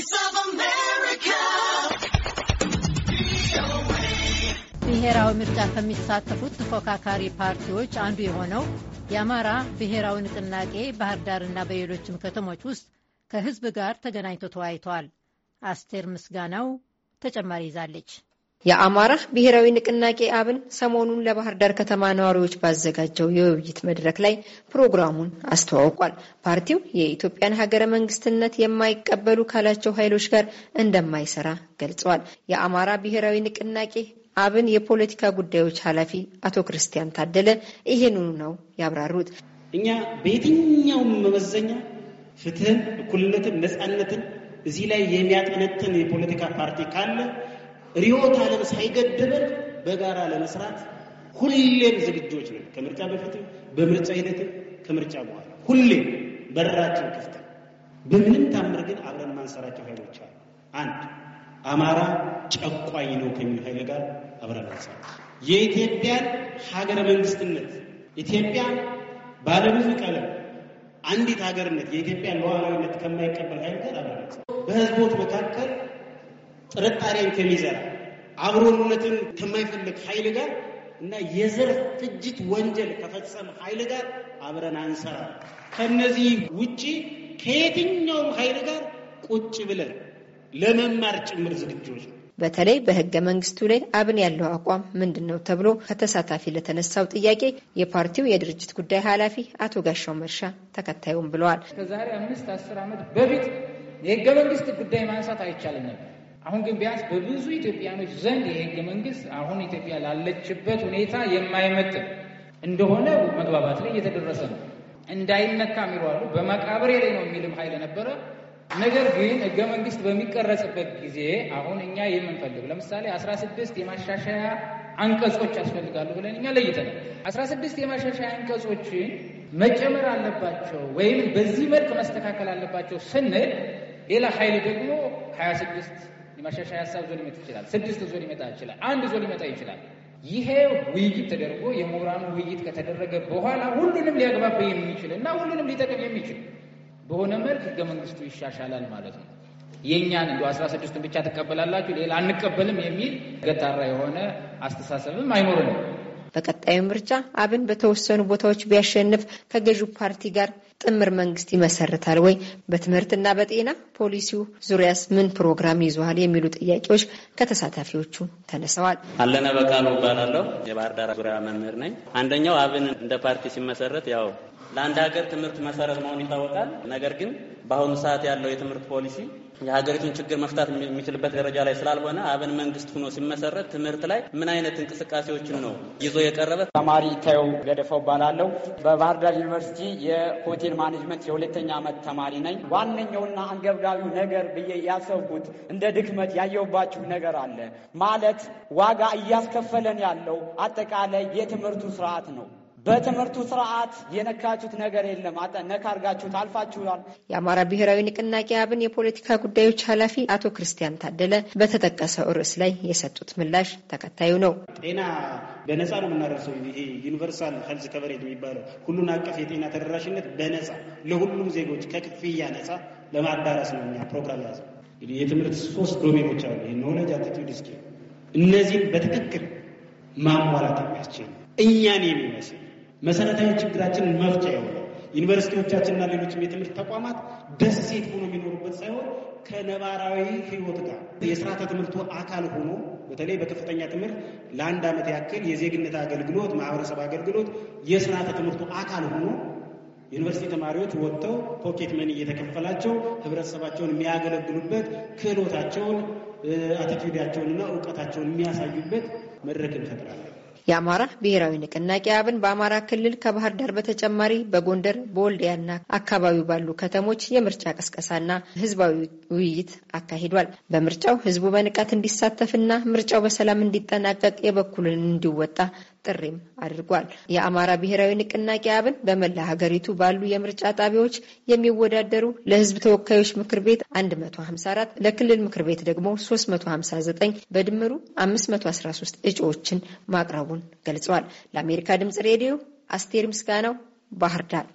Voice of America. ብሔራዊ ምርጫ ከሚሳተፉት ተፎካካሪ ፓርቲዎች አንዱ የሆነው የአማራ ብሔራዊ ንቅናቄ ባህር ዳርና በሌሎችም ከተሞች ውስጥ ከህዝብ ጋር ተገናኝቶ ተወያይተዋል። አስቴር ምስጋናው ተጨማሪ ይዛለች። የአማራ ብሔራዊ ንቅናቄ አብን ሰሞኑን ለባህር ዳር ከተማ ነዋሪዎች ባዘጋጀው የውይይት መድረክ ላይ ፕሮግራሙን አስተዋውቋል። ፓርቲው የኢትዮጵያን ሀገረ መንግስትነት የማይቀበሉ ካላቸው ኃይሎች ጋር እንደማይሰራ ገልጸዋል። የአማራ ብሔራዊ ንቅናቄ አብን የፖለቲካ ጉዳዮች ኃላፊ አቶ ክርስቲያን ታደለ ይህንኑ ነው ያብራሩት። እኛ በየትኛውም መመዘኛ ፍትህን፣ እኩልነትን፣ ነፃነትን እዚህ ላይ የሚያጠነጥን የፖለቲካ ፓርቲ ካለ ሪዮት ዓለም ሳይገድበን በጋራ ለመስራት ሁሌም ዝግጆች ነን። ከምርጫ በፊትም በምርጫ ሂደትም ከምርጫ በኋላ ሁሌም በራችን ክፍት። በምንም ታምር ግን አብረን ማንሰራቸው ኃይሎች አሉ። አንድ አማራ ጨቋኝ ነው ከሚል ኃይል ጋር አብረን አንሰራ። የኢትዮጵያን ሀገረ መንግስትነት ኢትዮጵያ ባለብዙ ቀለም አንዲት ሀገርነት የኢትዮጵያ ሉዓላዊነት ከማይቀበል ኃይል ጋር አብረን በህዝቦች መካከል ጥርጣሬን ከሚዘራ አብሮነትን ከማይፈልግ ኃይል ጋር እና የዘር ፍጅት ወንጀል ከፈጸመ ኃይል ጋር አብረን አንሰራ። ከነዚህ ውጪ ከየትኛውም ኃይል ጋር ቁጭ ብለን ለመማር ጭምር ዝግጆች ነው። በተለይ በህገ መንግስቱ ላይ አብን ያለው አቋም ምንድን ነው ተብሎ ከተሳታፊ ለተነሳው ጥያቄ የፓርቲው የድርጅት ጉዳይ ኃላፊ አቶ ጋሻው መርሻ ተከታዩም ብለዋል። ከዛሬ አምስት አስር ዓመት በፊት የህገ መንግስት ጉዳይ ማንሳት አይቻልም ነበር። አሁን ግን ቢያንስ በብዙ ኢትዮጵያኖች ዘንድ ይሄ መንግስት አሁን ኢትዮጵያ ላለችበት ሁኔታ የማይመጥን እንደሆነ መግባባት ላይ እየተደረሰ ነው። እንዳይነካ የሚለዋሉ በመቃብሬ ላይ ነው የሚልም ኃይል ነበረ። ነገር ግን ህገ መንግስት በሚቀረጽበት ጊዜ አሁን እኛ የምንፈልግ ለምሳሌ 16 የማሻሻያ አንቀጾች ያስፈልጋሉ ብለን እኛ ለይተናል። 16 የማሻሻያ አንቀጾችን መጨመር አለባቸው ወይም በዚህ መልክ መስተካከል አለባቸው ስንል ሌላ ኃይል ደግሞ 26 የማሻሻያ ሀሳብ ዞ ሊመጣ ይችላል። ስድስት ዞ ሊመጣ ይችላል። አንድ ዞ ሊመጣ ይችላል። ይሄ ውይይት ተደርጎ የምሁራኑ ውይይት ከተደረገ በኋላ ሁሉንም ሊያግባባ የሚችል እና ሁሉንም ሊጠቅም የሚችል በሆነ መልክ ህገ መንግስቱ ይሻሻላል ማለት ነው። የእኛን እንደ አስራ ስድስቱን ብቻ ትቀበላላችሁ ሌላ አንቀበልም የሚል ገታራ የሆነ አስተሳሰብም አይኖርንም። በቀጣዩ ምርጫ አብን በተወሰኑ ቦታዎች ቢያሸንፍ ከገዢው ፓርቲ ጋር ጥምር መንግስት ይመሰርታል ወይ? በትምህርትና በጤና ፖሊሲው ዙሪያስ ምን ፕሮግራም ይዘዋል? የሚሉ ጥያቄዎች ከተሳታፊዎቹ ተነስተዋል። አለነ በቃሉ እባላለሁ። የባህር ዳር ዙሪያ መምህር ነኝ። አንደኛው አብን እንደ ፓርቲ ሲመሰረት ያው ለአንድ ሀገር ትምህርት መሰረት መሆኑ ይታወቃል። ነገር ግን በአሁኑ ሰዓት ያለው የትምህርት ፖሊሲ የሀገሪቱን ችግር መፍታት የሚችልበት ደረጃ ላይ ስላልሆነ አብን መንግስት ሆኖ ሲመሰረት ትምህርት ላይ ምን አይነት እንቅስቃሴዎችን ነው ይዞ የቀረበ? ተማሪ ታየው ገደፈው እባላለሁ። በባህር ዳር ዩኒቨርሲቲ የሆቴል ማኔጅመንት የሁለተኛ ዓመት ተማሪ ነኝ። ዋነኛውና አንገብጋቢው ነገር ብዬ ያሰብኩት እንደ ድክመት ያየውባችሁ ነገር አለ ማለት ዋጋ እያስከፈለን ያለው አጠቃላይ የትምህርቱ ስርዓት ነው። በትምህርቱ ስርዓት የነካችሁት ነገር የለም። ነካ አድርጋችሁት አልፋችኋል። የአማራ ብሔራዊ ንቅናቄ አብን የፖለቲካ ጉዳዮች ኃላፊ አቶ ክርስቲያን ታደለ በተጠቀሰው ርዕስ ላይ የሰጡት ምላሽ ተከታዩ ነው። ጤና በነፃ ነው የምናደርሰው። ይሄ ዩኒቨርሳል ሄልዝ ከቨሬጅ የሚባለው ሁሉን አቀፍ የጤና ተደራሽነት በነፃ ለሁሉም ዜጎች ከክፍያ ነፃ ለማዳረስ ነው እኛ ፕሮግራም ያዘ። የትምህርት ሶስት ዶሜኖች አሉ። ኖለጅ፣ አቲቲዩድ፣ ስኪል እነዚህን በትክክል ማሟላት የሚያስችል እኛን የሚመስል መሰረታዊ ችግራችንን መፍቻ ይሆናል። ዩኒቨርሲቲዎቻችንና ሌሎችም የትምህርት ተቋማት ደሴት ሆኖ የሚኖሩበት ሳይሆን ከነባራዊ ህይወት ጋር የስርዓተ ትምህርቱ አካል ሆኖ በተለይ በከፍተኛ ትምህርት ለአንድ ዓመት ያክል የዜግነት አገልግሎት፣ ማህበረሰብ አገልግሎት የስርዓተ ትምህርቱ አካል ሆኖ ዩኒቨርሲቲ ተማሪዎች ወጥተው ፖኬት መኒ እየተከፈላቸው ህብረተሰባቸውን የሚያገለግሉበት ክህሎታቸውን፣ አቲቲዩዳቸውንና እውቀታቸውን የሚያሳዩበት መድረክ እንፈጥራለን። የአማራ ብሔራዊ ንቅናቄ አብን በአማራ ክልል ከባህር ዳር በተጨማሪ በጎንደር በወልዲያና አካባቢው ባሉ ከተሞች የምርጫ ቀስቀሳና ህዝባዊ ውይይት አካሂዷል። በምርጫው ህዝቡ በንቃት እንዲሳተፍና ምርጫው በሰላም እንዲጠናቀቅ የበኩልን እንዲወጣ ጥሪም አድርጓል። የአማራ ብሔራዊ ንቅናቄ አብን በመላ ሀገሪቱ ባሉ የምርጫ ጣቢያዎች የሚወዳደሩ ለህዝብ ተወካዮች ምክር ቤት 154 ለክልል ምክር ቤት ደግሞ 359 በድምሩ 513 እጩዎችን ማቅረቡን ገልጿል። ለአሜሪካ ድምጽ ሬዲዮ አስቴር ምስጋናው ባህር ዳር